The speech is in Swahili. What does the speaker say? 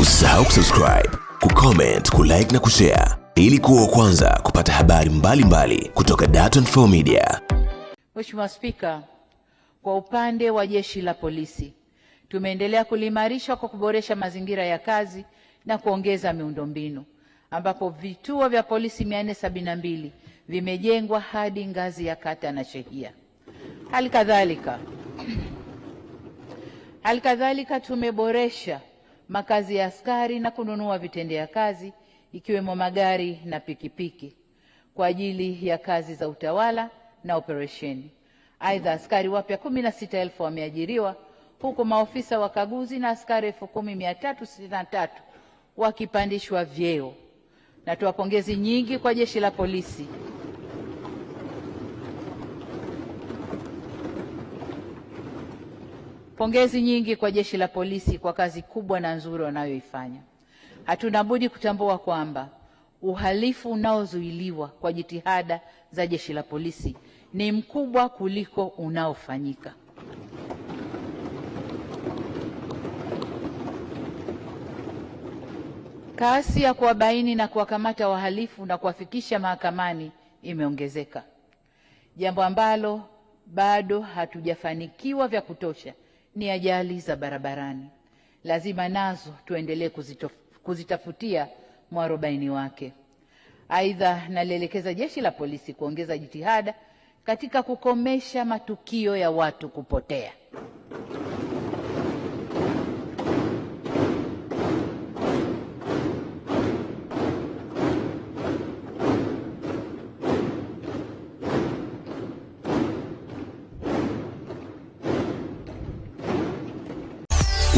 Usisahau kusubscribe, kucomment, kulike na kushare ili kuwa kwanza kupata habari mbalimbali mbali kutoka Dar24 Media. Mheshimiwa Spika, kwa upande wa Jeshi la Polisi tumeendelea kuliimarisha kwa kuboresha mazingira ya kazi na kuongeza miundombinu ambapo vituo vya polisi 472 vimejengwa hadi ngazi ya kata na shehia. halikadhalika halikadhalika tumeboresha makazi ya askari na kununua vitendea kazi ikiwemo magari na pikipiki kwa ajili ya kazi za utawala na operesheni. Aidha, askari wapya kumi na sita elfu wameajiriwa huku maofisa wakaguzi na askari elfu kumi mia tatu wakipandishwa vyeo. Natoa pongezi nyingi kwa jeshi la polisi Pongezi nyingi kwa jeshi la polisi kwa kazi kubwa na nzuri wanayoifanya. Hatuna budi kutambua kwamba uhalifu unaozuiliwa kwa jitihada za jeshi la polisi ni mkubwa kuliko unaofanyika. Kasi ya kuwabaini na kuwakamata wahalifu na kuwafikisha mahakamani imeongezeka, jambo ambalo bado hatujafanikiwa vya kutosha ni ajali za barabarani. Lazima nazo tuendelee kuzitafutia mwarobaini wake. Aidha, nalielekeza jeshi la polisi kuongeza jitihada katika kukomesha matukio ya watu kupotea.